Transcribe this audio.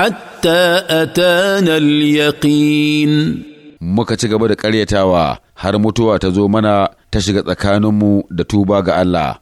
حتى أتانا اليقين muka ci gaba da ƙaryatawa har mutuwa ta zo mana ta shiga tsakaninmu da tuba ga Allah.